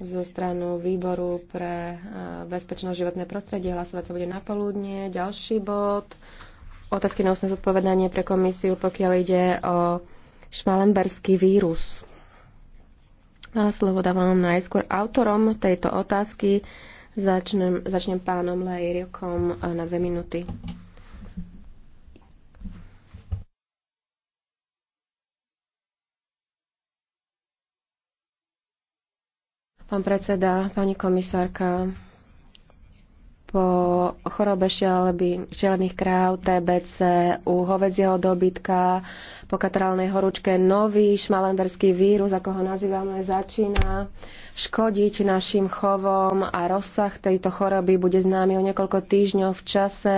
zo stranu výboru pre eh, bezpečnosť životné prostredie. Hlasovať sa bude na poludne. Ďalší bod. Otázky na ústne zodpovedanie pre komisiu, pokiaľ ide o šmalenberský vírus. A slovo dávam najskôr autorom tejto otázky. Začnem, začnem pánom Lejriokom na dve minúty. Pán predseda, pani komisárka, po chorobe šialených kráv, TBC, u hovedzieho dobytka, po katrálnej horúčke nový šmalenberský vírus, ako ho nazývame, začína škodiť našim chovom a rozsah tejto choroby bude známy o niekoľko týždňov v čase,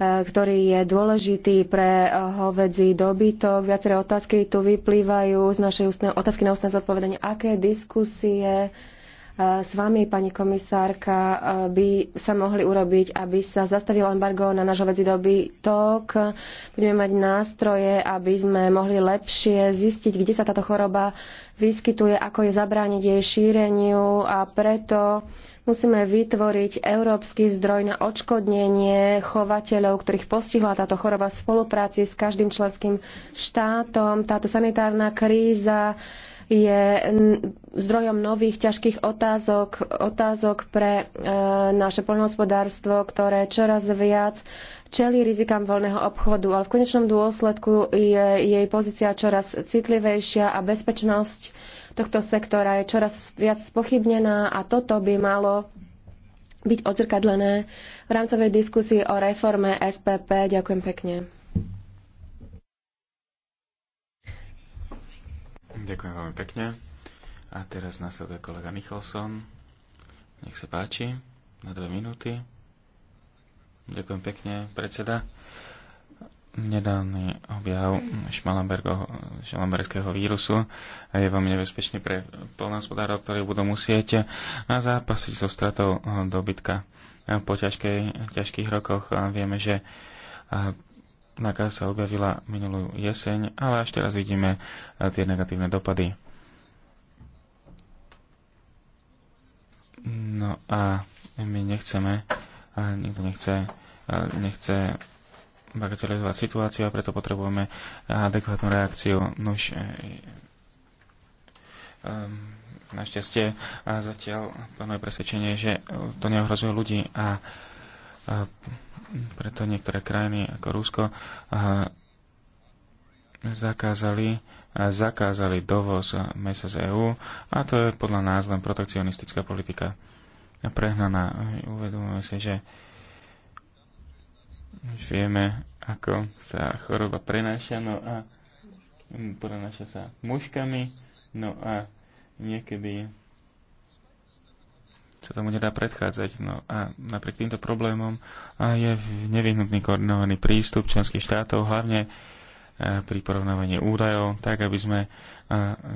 ktorý je dôležitý pre hovedzí dobytok. Viaceré otázky tu vyplývajú z našej ústne, otázky na ústne zodpovedanie. Aké diskusie e, s vami, pani komisárka, e, by sa mohli urobiť, aby sa zastavilo embargo na náš hovedzí dobytok. Budeme mať nástroje, aby sme mohli lepšie zistiť, kde sa táto choroba vyskytuje, ako je zabrániť jej šíreniu a preto Musíme vytvoriť európsky zdroj na odškodnenie chovateľov, ktorých postihla táto choroba v spolupráci s každým členským štátom. Táto sanitárna kríza je zdrojom nových ťažkých otázok, otázok pre e, naše poľnohospodárstvo, ktoré čoraz viac čelí rizikám voľného obchodu, ale v konečnom dôsledku je jej pozícia čoraz citlivejšia a bezpečnosť tohto sektora je čoraz viac spochybnená a toto by malo byť odzrkadlené v rámcovej diskusii o reforme SPP. Ďakujem pekne. Ďakujem veľmi pekne. A teraz nasleduje kolega Nicholson. Nech sa páči, na dve minúty. Ďakujem pekne, predseda nedávny objav šmalamberského vírusu je veľmi nebezpečný pre polnohospodárov, ktorí budú musieť Na eh, zápasiť so stratou eh, dobytka. Po ťažkej, ťažkých rokoch eh, vieme, že nakaz sa objavila minulú jeseň, ale až teraz vidíme tie negatívne dopady. No a my nechceme, nikto nechce, nechce bagatelizovať situáciu a preto potrebujeme adekvátnu reakciu. Nož, um, e, e, e, našťastie a zatiaľ plné presvedčenie, že to neohrozuje ľudí a, a preto niektoré krajiny ako Rusko a, zakázali, a zakázali dovoz mesa z EÚ a to je podľa nás len protekcionistická politika. Prehnaná. Uvedomujeme si, že už vieme, ako sa choroba prenáša, no a prenáša sa mužkami, no a niekedy sa tomu nedá predchádzať. No a napriek týmto problémom je nevyhnutný koordinovaný prístup členských štátov, hlavne pri porovnávaní údajov, tak aby sme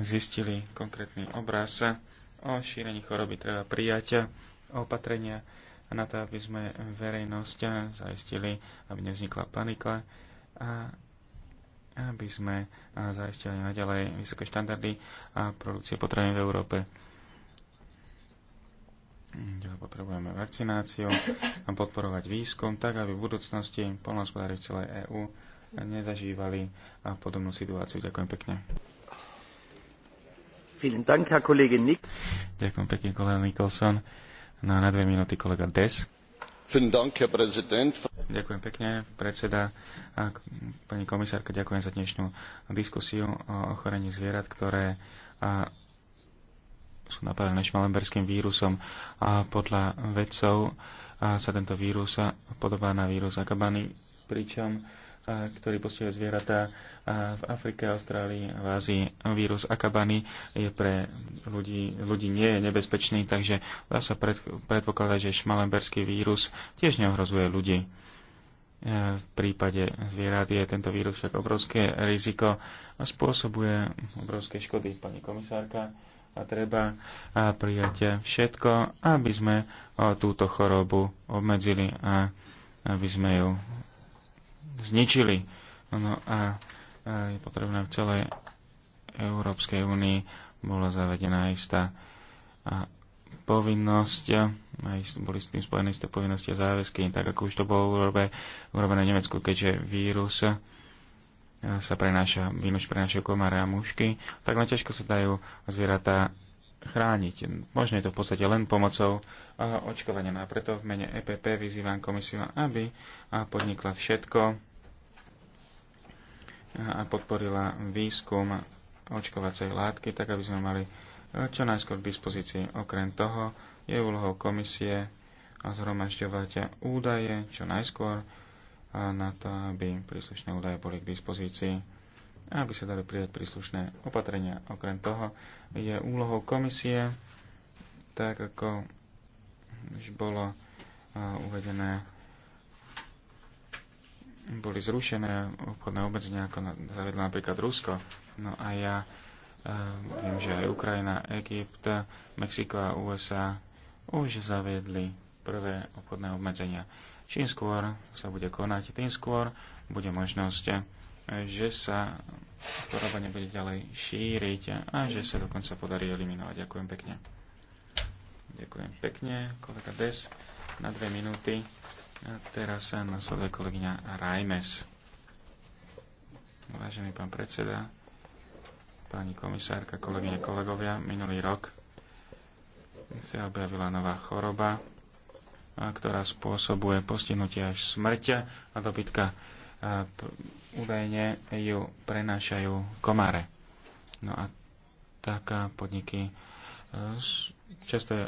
zistili konkrétny obraz o šírení choroby treba prijať opatrenia a na to, aby sme verejnosť zaistili, aby nevznikla panika a aby sme zaistili naďalej vysoké štandardy a produkcie potravín v Európe. Potrebujeme vakcináciu a podporovať výskum tak, aby v budúcnosti polnohospodári v celej EÚ nezažívali podobnú situáciu. Ďakujem pekne. Ďakujem pekne, kolega Nicholson. No, na dve minúty kolega Des. Ďakujem pekne, predseda a pani komisárka, ďakujem za dnešnú diskusiu o ochorení zvierat, ktoré a, sú napadené šmalemberským vírusom. A podľa vedcov a, sa tento vírus podobá na vírus Agabany, pričom ktorý postihuje zvieratá v Afrike, Austrálii a v Ázii. Vírus Akabany je pre ľudí, ľudí nie je nebezpečný, takže dá sa predpokladať, že šmalemberský vírus tiež neohrozuje ľudí. E, v prípade zvierat je tento vírus však obrovské riziko a spôsobuje obrovské škody. Pani komisárka, a treba prijať všetko, aby sme túto chorobu obmedzili a aby sme ju zničili. No a je potrebné v celej Európskej únii bola zavedená istá povinnosť, aj boli s tým spojené isté povinnosti a záväzky, tak ako už to bolo urobe, urobené v Nemecku, keďže vírus sa prenáša, vírus prenášajú komáre a mušky, tak na ťažko sa dajú zvieratá chrániť. Možno je to v podstate len pomocou očkovania. No a preto v mene EPP vyzývam komisiu, aby podnikla všetko, a podporila výskum očkovacej látky, tak aby sme mali eh, čo najskôr k dispozícii. Okrem toho je úlohou komisie a zhromažďovať údaje čo najskôr eh, na to, aby príslušné údaje boli k dispozícii a aby sa dali prijať príslušné opatrenia. Okrem toho je úlohou komisie, tak ako už bolo eh, uvedené boli zrušené obchodné obmedzenia, ako zavedlo napríklad Rusko. No a ja eh, viem, že aj Ukrajina, Egypt, Mexiko a USA už zaviedli prvé obchodné obmedzenia. Čím skôr sa bude konať, tým skôr bude možnosť, eh, že sa choroba nebude ďalej šíriť a že sa dokonca podarí eliminovať. Ďakujem pekne. Ďakujem pekne, kolega Des, na dve minúty. A teraz sa nasleduje kolegyňa Rajmes. Vážený pán predseda, pani komisárka, kolegyne, kolegovia, minulý rok sa objavila nová choroba, ktorá spôsobuje postihnutie až smrťa a dobytka údajne ju prenášajú komáre. No a taká podniky často je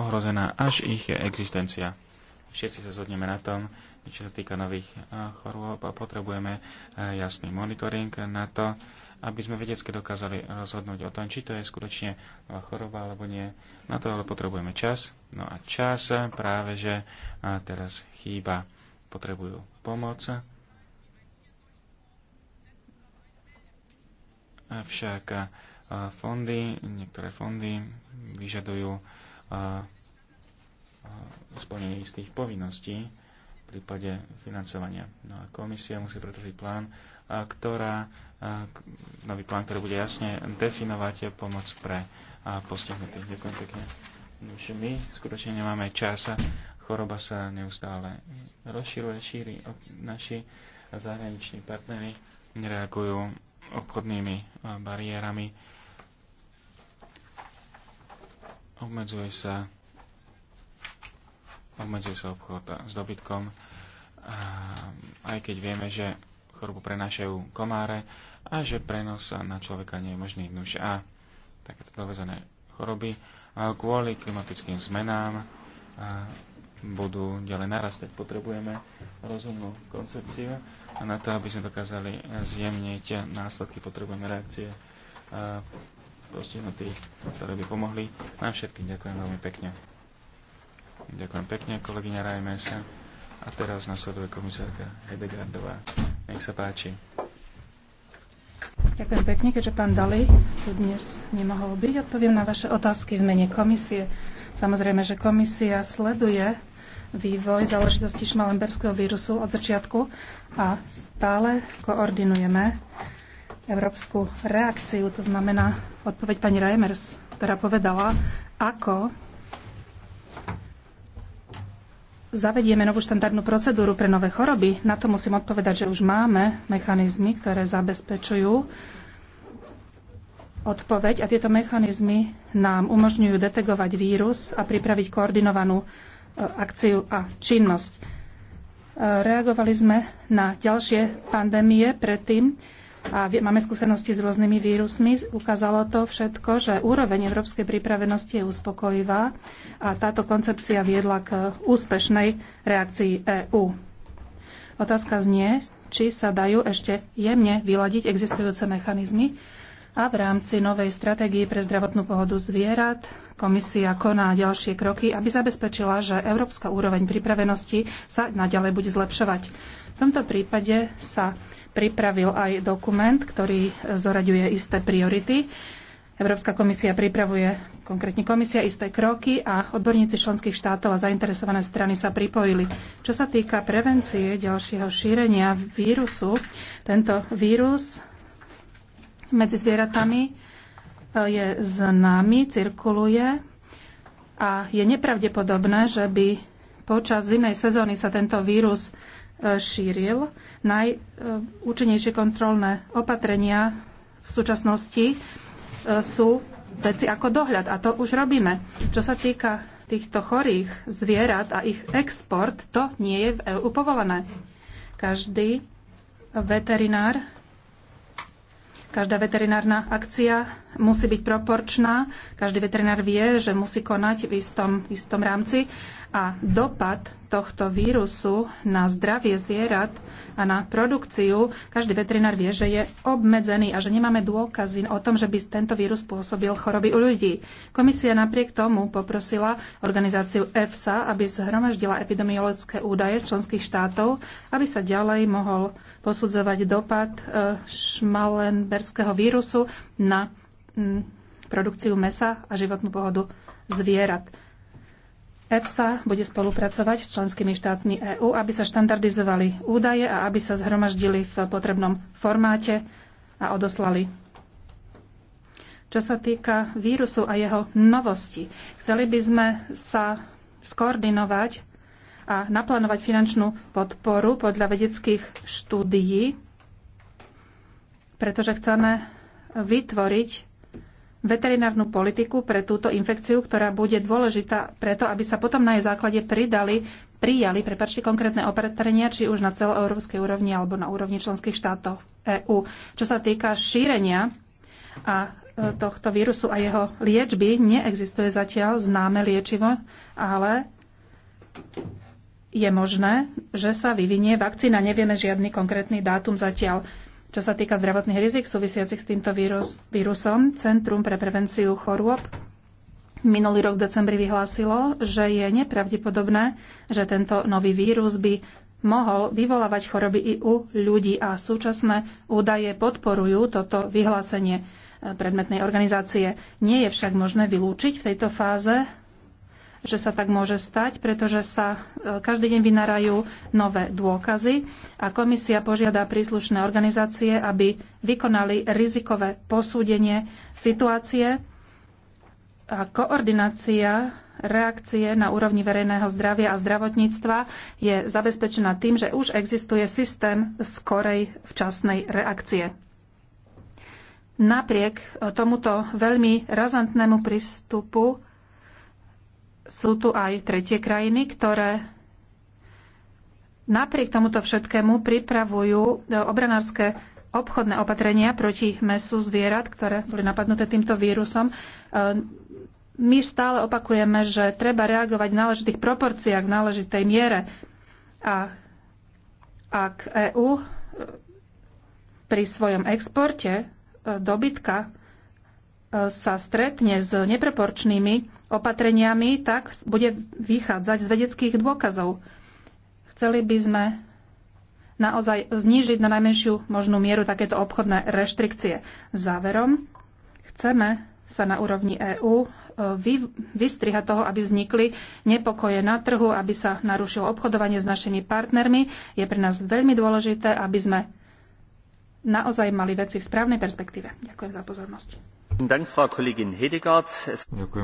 ohrozená až ich existencia všetci sa zhodneme na tom, čo sa týka nových eh, chorôb a potrebujeme eh, jasný monitoring na to, aby sme vedecky dokázali rozhodnúť o tom, či to je skutočne eh, choroba alebo nie. Na to ale potrebujeme čas. No a čas práve, že teraz chýba. Potrebujú pomoc. Avšak fondy, niektoré fondy vyžadujú splnenie istých povinností v prípade financovania. No a komisia musí predložiť plán, ktorá, nový plán, ktorý bude jasne definovať pomoc pre postihnutých. Ďakujem pekne. No už my skutočne nemáme čas. Choroba sa neustále rozširuje, šíri. Naši zahraniční partnery reagujú obchodnými bariérami. Obmedzuje sa obmedzuje sa obchod s dobytkom, aj keď vieme, že chorobu prenášajú komáre a že prenos na človeka nie je možný. Nuž a takéto dovezené choroby kvôli klimatickým zmenám budú ďalej narastať. Potrebujeme rozumnú koncepciu a na to, aby sme dokázali zjemniť následky, potrebujeme reakcie postihnutých, ktoré by pomohli nám všetkým. Ďakujem veľmi pekne. Ďakujem pekne, kolegyňa Rajmesa. A teraz nasleduje komisárka Hedegardová. Nech sa páči. Ďakujem pekne, keďže pán Dali tu dnes nemohol byť. Odpoviem na vaše otázky v mene komisie. Samozrejme, že komisia sleduje vývoj záležitosti šmalemberského vírusu od začiatku a stále koordinujeme európsku reakciu. To znamená odpoveď pani Reimers, ktorá povedala, ako zavedieme novú štandardnú procedúru pre nové choroby, na to musím odpovedať, že už máme mechanizmy, ktoré zabezpečujú odpoveď a tieto mechanizmy nám umožňujú detegovať vírus a pripraviť koordinovanú e, akciu a činnosť. E, reagovali sme na ďalšie pandémie predtým, a máme skúsenosti s rôznymi vírusmi, ukázalo to všetko, že úroveň európskej pripravenosti je uspokojivá a táto koncepcia viedla k úspešnej reakcii EÚ. Otázka znie, či sa dajú ešte jemne vyladiť existujúce mechanizmy a v rámci novej stratégie pre zdravotnú pohodu zvierat komisia koná ďalšie kroky, aby zabezpečila, že európska úroveň pripravenosti sa naďalej bude zlepšovať. V tomto prípade sa pripravil aj dokument, ktorý zoraďuje isté priority. Európska komisia pripravuje, konkrétne komisia, isté kroky a odborníci členských štátov a zainteresované strany sa pripojili. Čo sa týka prevencie ďalšieho šírenia vírusu, tento vírus medzi zvieratami je známy, cirkuluje a je nepravdepodobné, že by počas zimnej sezóny sa tento vírus e, šíril. Najúčinnejšie kontrolné opatrenia v súčasnosti e, sú veci ako dohľad a to už robíme. Čo sa týka týchto chorých zvierat a ich export, to nie je v EU povolené. Každý veterinár Každá veterinárna akcia musí byť proporčná. Každý veterinár vie, že musí konať v istom, istom rámci a dopad tohto vírusu na zdravie zvierat a na produkciu, každý veterinár vie, že je obmedzený a že nemáme dôkazy o tom, že by tento vírus spôsobil choroby u ľudí. Komisia napriek tomu poprosila organizáciu EFSA, aby zhromaždila epidemiologické údaje z členských štátov, aby sa ďalej mohol posudzovať dopad e, šmalenberského vírusu na produkciu mesa a životnú pohodu zvierat. EFSA bude spolupracovať s členskými štátmi EÚ, aby sa štandardizovali údaje a aby sa zhromaždili v potrebnom formáte a odoslali. Čo sa týka vírusu a jeho novosti, chceli by sme sa skoordinovať a naplánovať finančnú podporu podľa vedeckých štúdií, pretože chceme vytvoriť veterinárnu politiku pre túto infekciu, ktorá bude dôležitá preto, aby sa potom na jej základe pridali, prijali prepačte, konkrétne opatrenia, či už na celoeurópskej úrovni alebo na úrovni členských štátov EÚ. Čo sa týka šírenia a e, tohto vírusu a jeho liečby, neexistuje zatiaľ známe liečivo, ale je možné, že sa vyvinie vakcína. Nevieme žiadny konkrétny dátum zatiaľ. Čo sa týka zdravotných rizik súvisiacich s týmto vírus, vírusom, Centrum pre prevenciu chorôb minulý rok v decembri vyhlásilo, že je nepravdepodobné, že tento nový vírus by mohol vyvolávať choroby i u ľudí a súčasné údaje podporujú toto vyhlásenie predmetnej organizácie. Nie je však možné vylúčiť v tejto fáze že sa tak môže stať, pretože sa e, každý deň vynárajú nové dôkazy a komisia požiada príslušné organizácie, aby vykonali rizikové posúdenie situácie a koordinácia reakcie na úrovni verejného zdravia a zdravotníctva je zabezpečená tým, že už existuje systém skorej včasnej reakcie. Napriek e, tomuto veľmi razantnému prístupu sú tu aj tretie krajiny, ktoré napriek tomuto všetkému pripravujú e, obranárske obchodné opatrenia proti mesu zvierat, ktoré boli napadnuté týmto vírusom. E, my stále opakujeme, že treba reagovať v náležitých proporciách, v náležitej miere. A ak EÚ e, pri svojom exporte dobytka sa stretne s neproporčnými opatreniami, tak bude vychádzať z vedeckých dôkazov. Chceli by sme naozaj znížiť na najmenšiu možnú mieru takéto obchodné reštrikcie. Záverom, chceme sa na úrovni EÚ e, vy, vystriha toho, aby vznikli nepokoje na trhu, aby sa narušilo obchodovanie s našimi partnermi. Je pre nás veľmi dôležité, aby sme naozaj mali veci v správnej perspektíve. Ďakujem za pozornosť. Ďakujem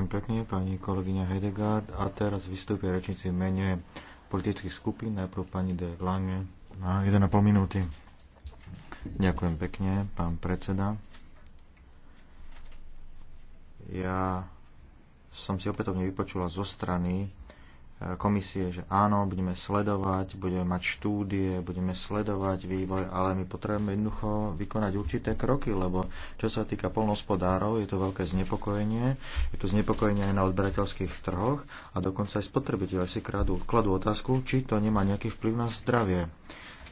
pekne, pani kolegyňa Hedegaard. A teraz vystúpia rečníci v mene politických skupín. Najprv pani de Lange na 1,5 minúty. Ďakujem pekne, pán predseda. Ja som si opätovne vypočula zo strany komisie, že áno, budeme sledovať, budeme mať štúdie, budeme sledovať vývoj, ale my potrebujeme jednoducho vykonať určité kroky, lebo čo sa týka polnospodárov, je to veľké znepokojenie, je to znepokojenie aj na odberateľských trhoch a dokonca aj spotrebiteľe si kradú, kladú otázku, či to nemá nejaký vplyv na zdravie.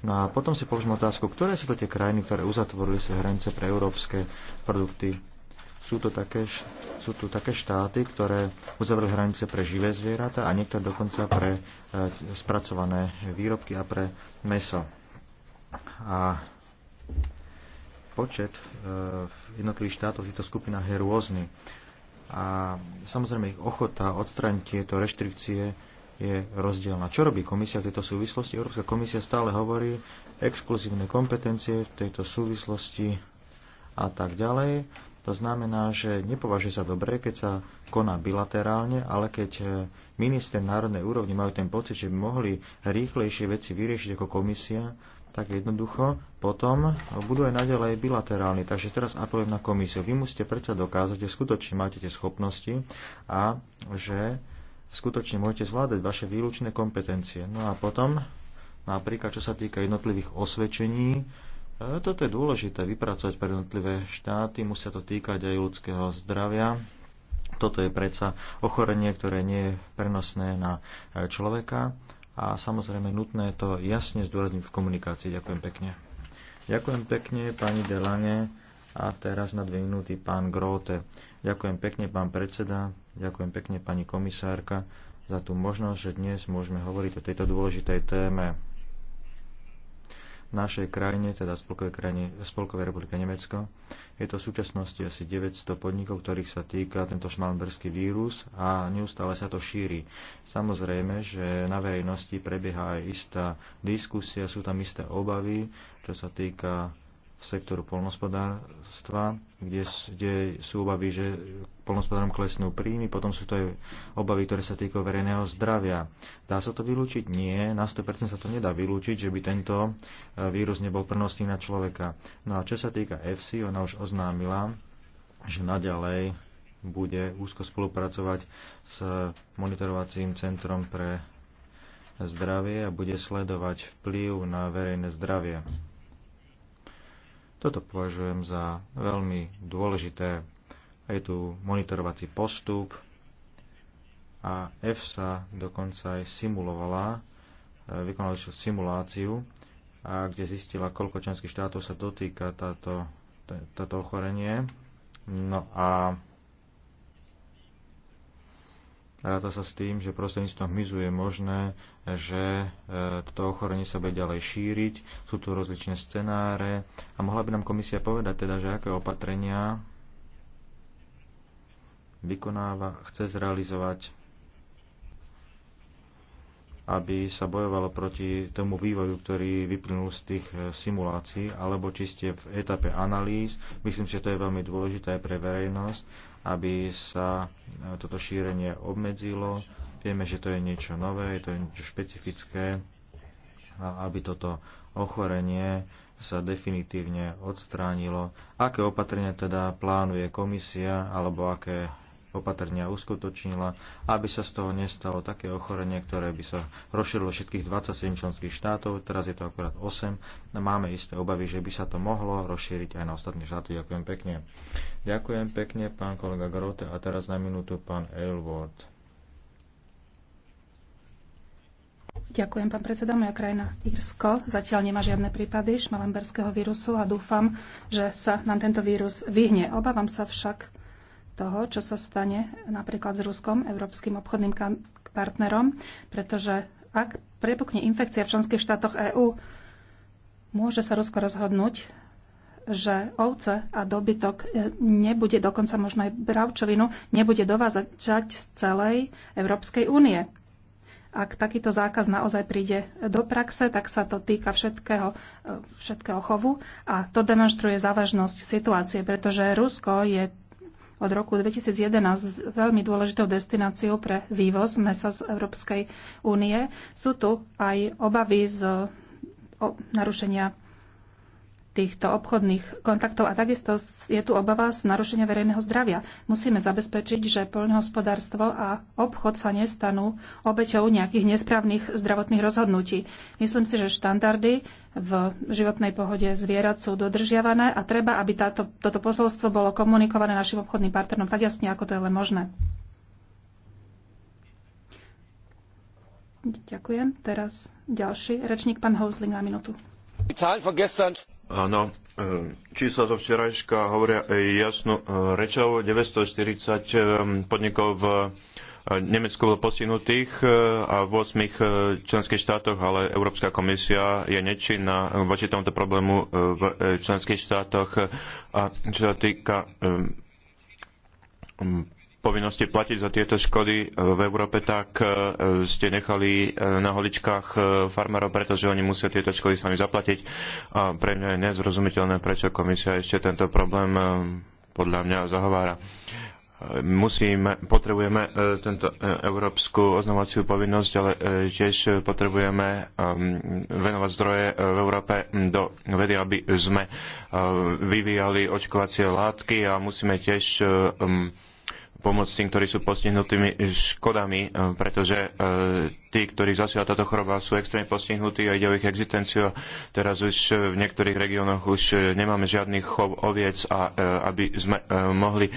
No a potom si položím otázku, ktoré sú to tie krajiny, ktoré uzatvorili svoje hranice pre európske produkty sú, to také, sú tu také štáty, ktoré uzavreli hranice pre živé zvieratá a niektoré dokonca pre e, spracované výrobky a pre meso. A počet e, v jednotlivých štátoch v týchto skupinách je rôzny. A samozrejme ich ochota odstrániť tieto reštrikcie je rozdielna. Čo robí komisia v tejto súvislosti? Európska komisia stále hovorí exkluzívne kompetencie v tejto súvislosti a tak ďalej. To znamená, že nepovažuje sa dobre, keď sa koná bilaterálne, ale keď e, minister národnej úrovni majú ten pocit, že by mohli rýchlejšie veci vyriešiť ako komisia, tak jednoducho potom budú aj naďalej bilaterálni. Takže teraz apelujem na komisiu. Vy musíte predsa dokázať, že skutočne máte tie schopnosti a že skutočne môžete zvládať vaše výlučné kompetencie. No a potom napríklad, čo sa týka jednotlivých osvedčení, toto je dôležité vypracovať pre jednotlivé štáty, musia to týkať aj ľudského zdravia. Toto je predsa ochorenie, ktoré nie je prenosné na človeka a samozrejme nutné to jasne zdôrazniť v komunikácii. Ďakujem pekne. Ďakujem pekne pani Delane a teraz na dve minúty pán Grote. Ďakujem pekne pán predseda, ďakujem pekne pani komisárka za tú možnosť, že dnes môžeme hovoriť o tejto dôležitej téme našej krajine, teda Spolkovej, krajine, Spolkovej republike Nemecko. Je to v súčasnosti asi 900 podnikov, ktorých sa týka tento šmalberský vírus a neustále sa to šíri. Samozrejme, že na verejnosti prebieha aj istá diskusia, sú tam isté obavy, čo sa týka v sektoru polnospodárstva, kde, kde sú obavy, že polnospodárom klesnú príjmy, potom sú to aj obavy, ktoré sa týkajú verejného zdravia. Dá sa to vylúčiť? Nie, na 100% sa to nedá vylúčiť, že by tento e, vírus nebol prenosný na človeka. No a čo sa týka FC, ona už oznámila, že naďalej bude úzko spolupracovať s monitorovacím centrom pre zdravie a bude sledovať vplyv na verejné zdravie. Toto považujem za veľmi dôležité. Je tu monitorovací postup a EFSA dokonca aj simulovala, e, vykonala simuláciu, a kde zistila, koľko členských štátov sa dotýka táto, táto ochorenie. No a Ráta sa s tým, že prostredníctvom hmyzu je možné, že e, toto ochorenie sa bude ďalej šíriť, sú tu rozličné scenáre a mohla by nám komisia povedať teda, že aké opatrenia vykonáva, chce zrealizovať, aby sa bojovalo proti tomu vývoju, ktorý vyplynul z tých e, simulácií, alebo či ste v etape analýz. Myslím, že to je veľmi dôležité aj pre verejnosť aby sa e, toto šírenie obmedzilo. Vieme, že to je niečo nové, je to niečo špecifické, aby toto ochorenie sa definitívne odstránilo. Aké opatrenia teda plánuje komisia alebo aké opatrenia uskutočnila, aby sa z toho nestalo také ochorenie, ktoré by sa rozšírilo všetkých 27 členských štátov, teraz je to akurát 8. Máme isté obavy, že by sa to mohlo rozšíriť aj na ostatné štáty. Ďakujem pekne. Ďakujem pekne, pán kolega Grote. A teraz na minútu pán Aylward. Ďakujem, pán predseda. Moja krajina Írsko zatiaľ nemá žiadne prípady šmalemberského vírusu a dúfam, že sa nám tento vírus vyhne. Obávam sa však, toho, čo sa stane napríklad s Ruskom, európskym obchodným partnerom, pretože ak prepukne infekcia v členských štátoch EÚ, môže sa Rusko rozhodnúť, že ovce a dobytok e, nebude, dokonca možno aj bravčovinu, nebude dovázať z celej Európskej únie. Ak takýto zákaz naozaj príde do praxe, tak sa to týka všetkého, e, všetkého chovu a to demonstruje závažnosť situácie, pretože Rusko je od roku 2011 veľmi dôležitou destináciou pre vývoz mesa z Európskej únie. Sú tu aj obavy z narušenia týchto obchodných kontaktov a takisto je tu obava z narušenia verejného zdravia. Musíme zabezpečiť, že poľnohospodárstvo a obchod sa nestanú obeťou nejakých nesprávnych zdravotných rozhodnutí. Myslím si, že štandardy v životnej pohode zvierat sú dodržiavané a treba, aby táto, toto posolstvo bolo komunikované našim obchodným partnerom tak jasne, ako to je len možné. Ďakujem. Teraz ďalší rečník, pán Housling, na minútu. Áno, e, čísla zo včerajška hovoria e, jasnú e, rečov. 940 podnikov v Nemecku bolo postihnutých a v 8 členských štátoch, ale Európska komisia je nečinná voči tomuto problému v členských štátoch. A čo sa týka povinnosti platiť za tieto škody v Európe, tak e, ste nechali e, na holičkách e, farmárov, pretože oni musia tieto škody sami zaplatiť. A pre mňa je nezrozumiteľné, prečo komisia ešte tento problém podľa mňa zahovára musíme, potrebujeme tento európsku oznamovaciu povinnosť, ale tiež potrebujeme venovať zdroje v Európe do vedy, aby sme vyvíjali očkovacie látky a musíme tiež pomôcť tým, ktorí sú postihnutými škodami, e, pretože e, tí, ktorí zasiela táto choroba, sú extrémne postihnutí a ide o ich existenciu. Teraz už v niektorých regiónoch už e, nemáme žiadnych chov oviec a aby sme mohli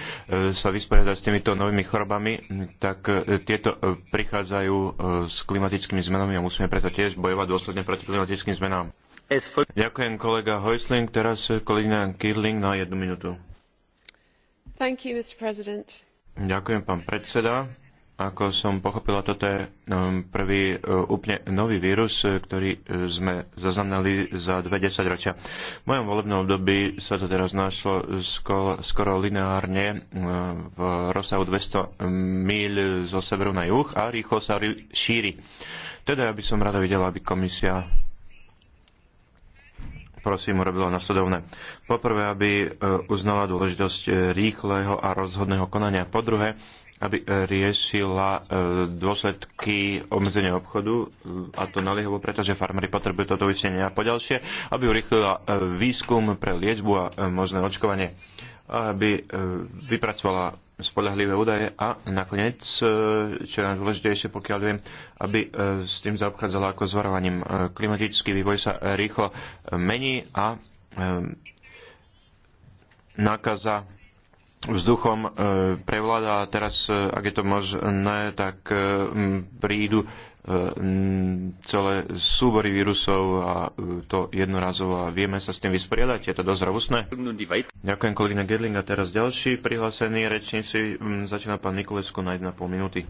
sa vysporiadať s týmito novými chorobami, tak tieto prichádzajú s klimatickými zmenami a musíme preto tiež bojovať dôsledne proti klimatickým zmenám. Ďakujem kolega Hoisling, teraz kolegyňa Kirling na jednu minútu. You, mr president Ďakujem, pán predseda. Ako som pochopila, toto je um, prvý uh, úplne nový vírus, uh, ktorý uh, sme zaznamenali za 20 ročia. V mojom volebnom období sa to teraz našlo skoro, lineárne v rozsahu 200 um, míľ zo severu na juh a rýchlo sa šíri. Teda ja by som rada videla, aby komisia prosím urobilo nasledovné. Poprvé, aby e, uznala dôležitosť e, rýchleho a rozhodného konania. Po druhé, aby e, riešila dôsledky obmedzenia obchodu a to naliehavo, pretože farmári potrebujú toto uistenie. A po ďalšie, aby urýchlila výskum pre liečbu a možné očkovanie aby e, vypracovala spolahlivé údaje a nakoniec, e, čo je najdôležitejšie, pokiaľ viem, aby e, s tým zaobchádzala ako s varovaním. Klimatický vývoj sa rýchlo mení a nákaza vzduchom prevláda a teraz, ak je to možné, tak prídu Ehm, celé súbory vírusov a e, to jednorazovo a vieme sa s tým vysporiadať. Je to dosť robustné. Ďakujem kolegyňa Gedling a teraz ďalší prihlásený rečníci. Hm, začína pán Nikolesko na 1,5 minúty.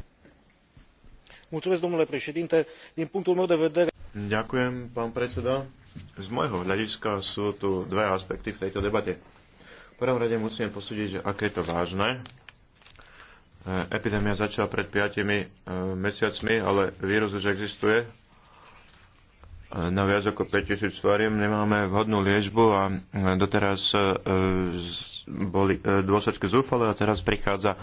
Ďakujem, pán predseda. Z môjho hľadiska sú tu dve aspekty v tejto debate. V prvom rade musíme posúdiť, že aké je to vážne E, epidémia začala pred 5 e, mesiacmi, ale vírus už existuje. E, na viac ako 5000 fariem nemáme vhodnú liežbu a doteraz boli dôsledky zúfale a teraz prichádza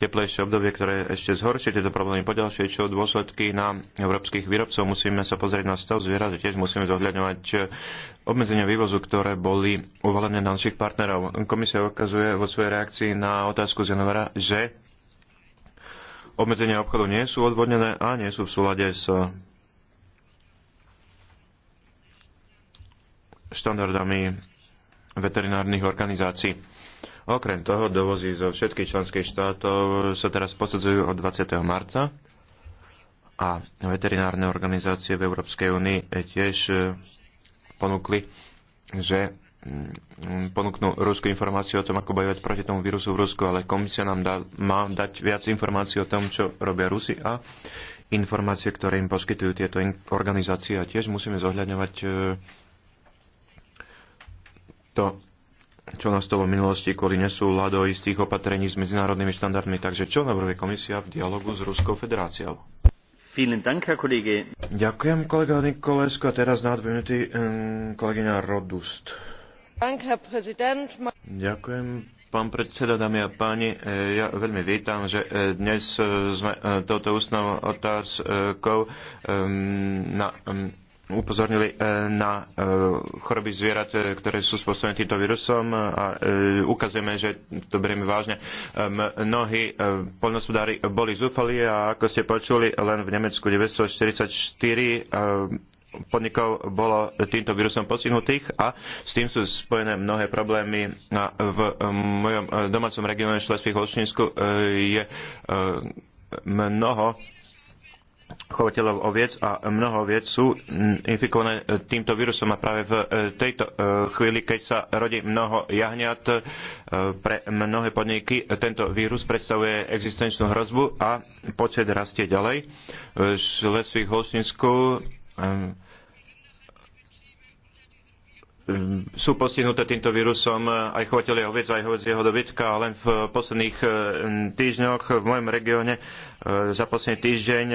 teplejšie obdobie, ktoré ešte zhorší tieto problémy Po ďalšie, čo dôsledky na európskych výrobcov. Musíme sa pozrieť na stav zvierat, tiež musíme zohľadňovať obmedzenia vývozu, ktoré boli uvalené na našich partnerov. Komisia ukazuje vo svojej reakcii na otázku z januára, že obmedzenia obchodu nie sú odvodnené a nie sú v súlade s štandardami veterinárnych organizácií. Okrem toho dovozy zo všetkých členských štátov sa teraz posudzujú od 20. marca a veterinárne organizácie v Európskej únii tiež ponúkli, že Mm, ponúknú Rusku informáciu o tom, ako bojovať proti tomu vírusu v Rusku, ale komisia nám dá, má dať viac informácií o tom, čo robia Rusi a informácie, ktoré im poskytujú tieto organizácie. A tiež musíme zohľadňovať e, to, čo nás to v minulosti kvôli nesúľadu istých opatrení s medzinárodnými štandardmi. Takže čo navrhuje komisia v dialogu s Ruskou federáciou? Ďakujem, kolega Nikolesko. A teraz na dve minúty mm, kolegyňa Rodust. Ďakujem, Pán predseda, dámy a páni, e, ja veľmi vítam, že e, dnes e, sme touto ústnou otázkou na upozornili na choroby zvierat, ktoré sú spôsobené týmto vírusom a ukazujeme, že to berieme vážne. Mnohí poľnospodári boli zúfali a ako ste počuli, len v Nemecku 944 podnikov bolo týmto vírusom postihnutých a s tým sú spojené mnohé problémy. A v mojom e, domácom regióne šlesvých holštinsku e, je e, mnoho chovateľov oviec a mnoho oviec sú infikované týmto vírusom a práve v tejto chvíli, keď sa rodí mnoho jahňat pre mnohé podniky, tento vírus predstavuje existenčnú hrozbu a počet rastie ďalej. V Šlesvých holštinsku Ehm, sú postihnuté týmto vírusom eh, aj chovateľi oviec, aj jeho dobytka. Len v posledných eh, týždňoch v mojom regióne eh, za posledný týždeň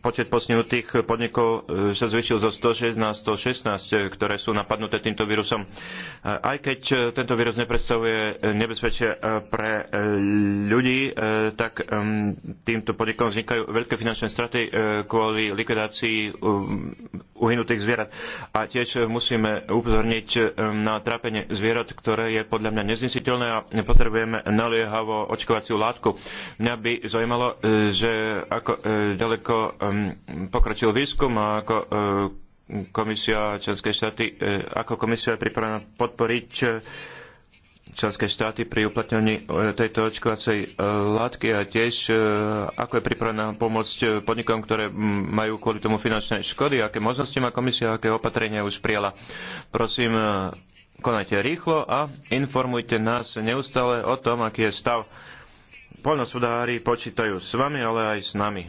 počet postihnutých podnikov e, sa zvyšil zo 106 na 116, e, ktoré sú napadnuté týmto vírusom. E, aj keď tento vírus nepredstavuje nebezpečie pre ľudí, tak týmto podnikom vznikajú veľké finančné straty kvôli likvidácii uhynutých zvierat. A tiež musíme upozorniť na trápenie zvierat, ktoré je podľa mňa neznesiteľné a nepotrebujeme naliehavo očkovaciu látku. Mňa by zaujímalo, že ako ďaleko Ehm, pokročil výskum a ako ehm, komisia členské štáty, eh, ako komisia je pripravená podporiť eh, členské štáty pri uplatňovaní eh, tejto očkovacej látky a tiež ako je pripravená pomôcť podnikom, ktoré mm, majú kvôli tomu finančné škody, aké možnosti má komisia, aké opatrenia už prijala. Prosím, konajte rýchlo a informujte nás neustále o tom, aký je stav. Poľnospodári počítajú s vami, ale aj s nami.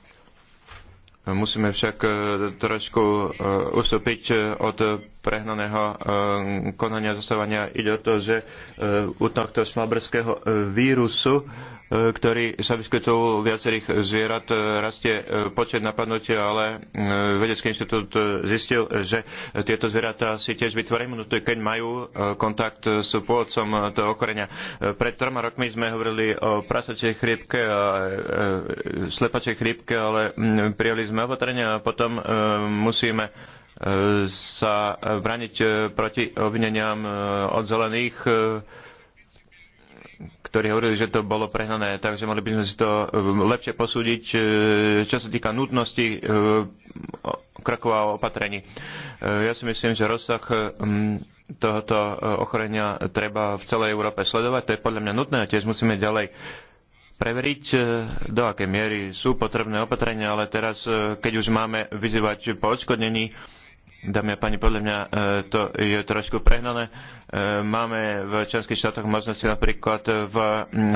Musíme však e, trošku e, usúpiť e, od prehnaného konania zostávania. Ide o to, že u tohto šmabrského vírusu, ktorý sa vyskytol u viacerých zvierat, rastie počet napadnutia, ale Vedecký inštitút zistil, že tieto zvieratá si tiež vytvoria imunitu, keď majú kontakt s pôvodcom toho okorenia. Pred troma rokmi sme hovorili o prasačej chrípke a slepačej chrípke, ale prijali sme opatrenia a potom e, musíme e, sa braniť e, proti obvineniam od zelených ktorí hovorili, že to bolo prehnané, takže mali by sme si to lepšie posúdiť, čo sa týka nutnosti krokov a opatrení. Ja si myslím, že rozsah tohoto ochorenia treba v celej Európe sledovať, to je podľa mňa nutné a tiež musíme ďalej preveriť, e, do akej miery sú potrebné opatrenia, ale teraz, e, keď už máme vyzývať po odškodnení, Dámy a páni, podľa mňa e, to je trošku prehnané. Máme v členských štátoch možnosti napríklad v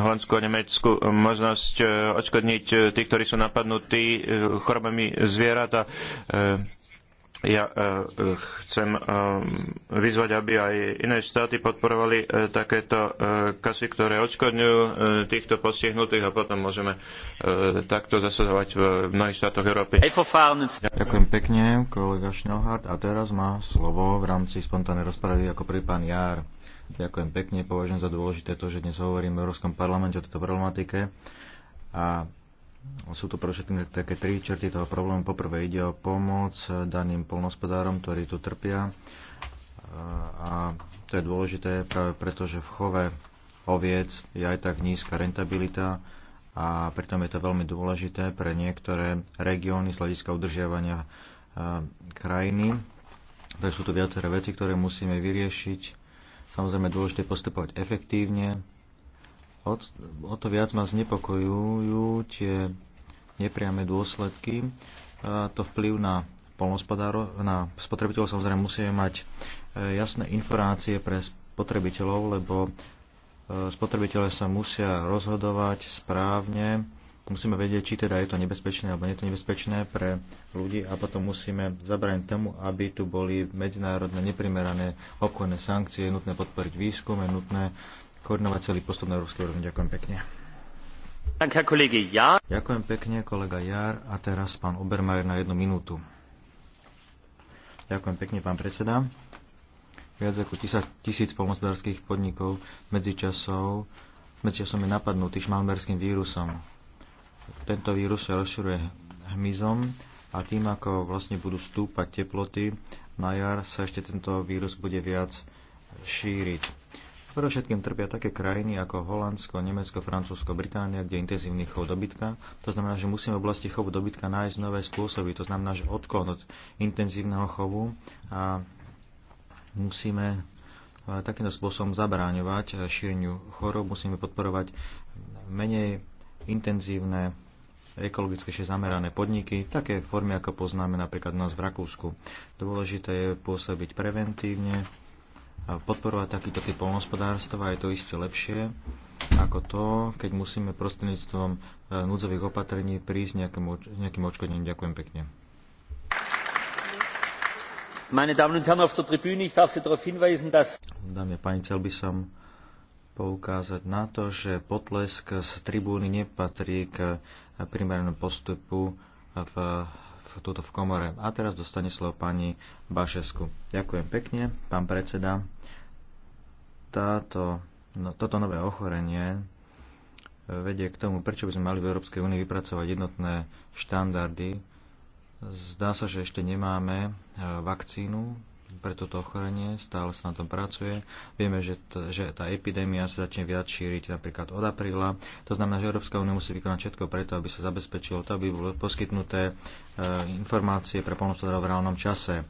Holandsku a Nemecku možnosť odškodniť tých, ktorí sú napadnutí chorobami zvierat a ja e, chcem e, vyzvať, aby aj iné štáty podporovali e, takéto kasy, ktoré odškodňujú týchto postihnutých a potom môžeme takto zasadovať v mnohých štátoch Európy. Ďakujem pekne, kolega Šňohard. A teraz má slovo v rámci spontánnej rozpravy ako prvý pán Jár. Ďakujem pekne, považujem za dôležité to, že dnes hovorím v Európskom parlamente o tejto problematike. A sú tu všetkým také tri črty toho problému. Poprvé ide o pomoc daným polnospodárom, ktorí tu trpia. A to je dôležité práve preto, že v chove oviec je aj tak nízka rentabilita a pritom je to veľmi dôležité pre niektoré regióny z hľadiska udržiavania e, krajiny. Takže sú tu viaceré veci, ktoré musíme vyriešiť. Samozrejme, dôležité postupovať efektívne, o, to viac ma znepokojujú tie nepriame dôsledky. A to vplyv na polnospodárov, na spotrebiteľov samozrejme musíme mať e, jasné informácie pre spotrebiteľov, lebo e, spotrebiteľe sa musia rozhodovať správne, musíme vedieť, či teda je to nebezpečné alebo nie je to nebezpečné pre ľudí a potom musíme zabrániť tomu, aby tu boli medzinárodné neprimerané obchodné sankcie, je nutné podporiť výskum, je nutné koordinovať celý postup na európskej úrovni. Ďakujem pekne. Ďakujem pekne, kolega Jar. A teraz pán Obermajer na jednu minútu. Ďakujem pekne, pán predseda. Viac ako tisíc, tisíc pomospodárských podnikov medzičasov, medzičasom je napadnutý šmalmerským vírusom. Tento vírus sa rozširuje hmyzom a tým, ako vlastne budú stúpať teploty, na jar sa ešte tento vírus bude viac šíriť Predovšetkým trpia také krajiny ako Holandsko, Nemecko, Francúzsko, Británia, kde je intenzívny chov dobytka. To znamená, že musíme v oblasti chovu dobytka nájsť nové spôsoby. To znamená, že odklon od intenzívneho chovu a musíme e, takýmto spôsobom zabráňovať e, šíreniu chorób, musíme podporovať menej intenzívne ekologicky zamerané podniky, také formy, ako poznáme napríklad u nás v Rakúsku. Dôležité je pôsobiť preventívne, podporovať takýto typ polnospodárstva je to isté lepšie ako to, keď musíme prostredníctvom e, núdzových opatrení prísť nejakému, nejakým očkodnením. Ďakujem pekne. Meine Damen und Herren auf der Tribüne, ich darf Sie darauf hinweisen, dass... Dámy a páni, chcel by som poukázať na to, že potlesk z tribúny nepatrí k e, primeranému postupu v tuto v komore. A teraz dostane slovo pani Bašesku. Ďakujem pekne, pán predseda. Táto, no, toto nové ochorenie e, vedie k tomu, prečo by sme mali v Európskej únii vypracovať jednotné štandardy. Zdá sa, že ešte nemáme e, vakcínu pre toto ochorenie, stále sa na tom pracuje. Vieme, že, t- že tá epidémia sa začne viac šíriť napríklad od apríla. To znamená, že Európska únia musí vykonať všetko preto, aby sa zabezpečilo to, aby boli poskytnuté e, informácie pre polnospodárov v reálnom čase.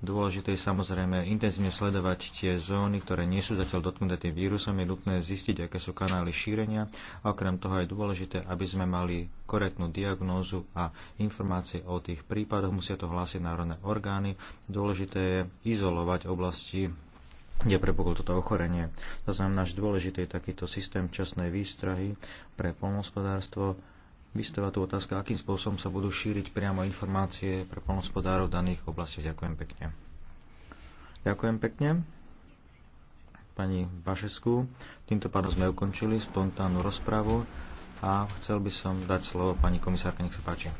Dôležité je samozrejme intenzívne sledovať tie zóny, ktoré nie sú zatiaľ dotknuté tým vírusom. Je nutné zistiť, aké sú kanály šírenia. A okrem toho je dôležité, aby sme mali korektnú diagnózu a informácie o tých prípadoch. Musia to hlásiť národné orgány. Dôležité je izolovať oblasti kde prepokol toto ochorenie. To znamená, že dôležitý je takýto systém časnej výstrahy pre polnospodárstvo, Vystáva tu otázka, akým spôsobom sa budú šíriť priamo informácie pre polnospodárov daných oblastiach. Ďakujem pekne. Ďakujem pekne pani Bašesku. Týmto pádom sme ukončili spontánnu rozpravu a chcel by som dať slovo pani komisárke, nech sa páči.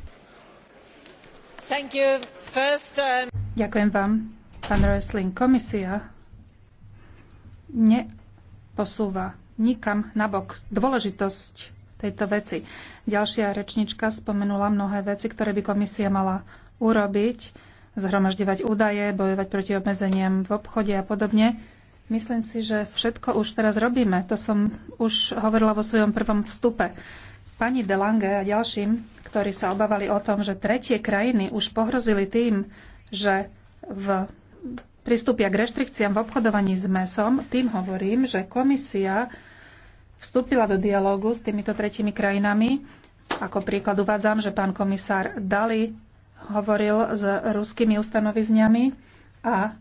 First, um... Ďakujem vám, pán Rösling. Komisia neposúva nikam nabok dôležitosť tejto veci. Ďalšia rečnička spomenula mnohé veci, ktoré by komisia mala urobiť, zhromažďovať údaje, bojovať proti obmedzeniam v obchode a podobne. Myslím si, že všetko už teraz robíme. To som už hovorila vo svojom prvom vstupe. Pani Delange a ďalším, ktorí sa obávali o tom, že tretie krajiny už pohrozili tým, že v pristúpia k reštrikciám v obchodovaní s mesom, tým hovorím, že komisia vstúpila do dialógu s týmito tretimi krajinami. Ako príklad uvádzam, že pán komisár Dali hovoril s ruskými ustanovizňami a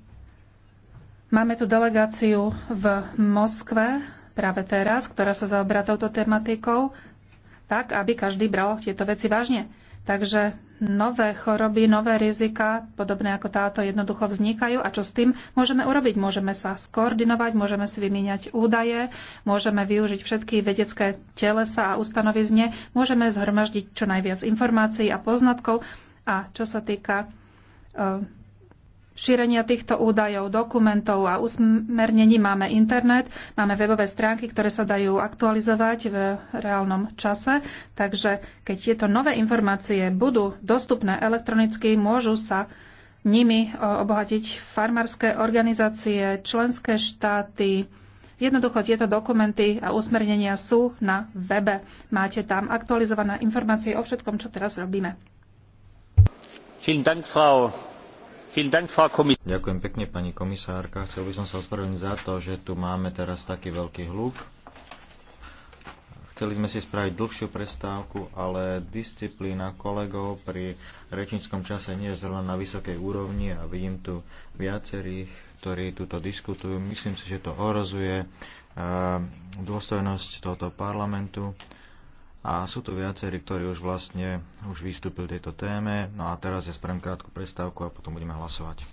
máme tu delegáciu v Moskve práve teraz, ktorá sa zaoberá touto tematikou, tak, aby každý bral tieto veci vážne. Takže nové choroby, nové rizika, podobné ako táto, jednoducho vznikajú a čo s tým môžeme urobiť? Môžeme sa skoordinovať, môžeme si vymieňať údaje, môžeme využiť všetky vedecké telesa a ustanovizne, môžeme zhromaždiť čo najviac informácií a poznatkov a čo sa týka eh, šírenia týchto údajov, dokumentov a usmernení máme internet, máme webové stránky, ktoré sa dajú aktualizovať v reálnom čase. Takže keď tieto nové informácie budú dostupné elektronicky, môžu sa nimi e, obohatiť farmárske organizácie, členské štáty. Jednoducho tieto dokumenty a usmernenia sú na webe. Máte tam aktualizované informácie o všetkom, čo teraz robíme. Vielen Dank, Frau Ďakujem pekne, pani komisárka. Chcel by som sa ospravedlniť za to, že tu máme teraz taký veľký hluk. Chceli sme si spraviť dlhšiu prestávku, ale disciplína kolegov pri rečníckom čase nie je zrovna na vysokej úrovni a vidím tu viacerých, ktorí túto diskutujú. Myslím si, že to ohrozuje eh, dôstojnosť tohoto parlamentu. A sú tu viacerí, ktorí už vlastne už vystúpili tejto téme. No a teraz ja spravím krátku prestávku a potom budeme hlasovať.